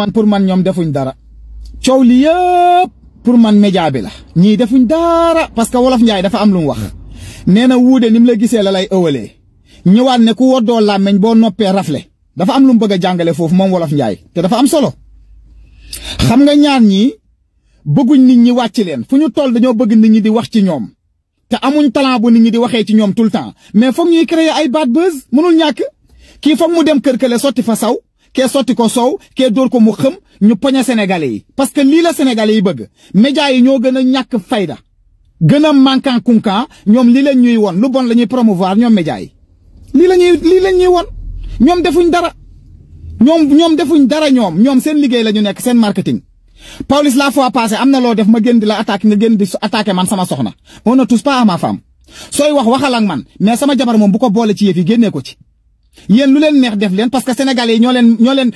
man pour man ñom defuñ dara ciow li yëpp pour man média bi la ñi defuñ dara parce que wolof ñay dafa am lu wax neena woudé nim la gissé la lay ëwalee ñëwaat né ku woddoo làmmeñ bo noppé raflé dafa am lu bëgg jàngalé fofu mom wolof ñay té dafa am solo xam nga ñaar ñi bëgguñ nit ñi wacc leen fuñu toll dañoo bëgg nit ñi di wax ci ñom té amuñ talent bu nit ñi di waxé ci ñom tout temps mais fokk ñuy créer ay bad buzz mënul ñak ki fokk mu dem kër kële soti fa saw kee sotti ko soow kee dóor ko mu xëm ñu poñe sénégalais yi parce que lii la sénégalais yi bëgg médias yi ñoo gën a ñàkk fayda gën a manquant kunkan ñoom lii lañ ñuy won lu bon la ñu promouvoir ñoom médias yi lii la ñuy lii lañ ñuy won ñoom defuñ dara ñoom ñoom defuñ dara ñoom ñoom seen liggéey la ñu nekk seen marketing Pawlish la fois passée am na loo def ma gën di la attaqué nga gën di attaqué man sama soxna on ne touche pas à ma sooy wax waxal man mais sama jabar moom bu ko boole ci yëf yi génnee ko ci yéen lu leen neex def leen parce que sénégalais yi ñoo leen ñoo leen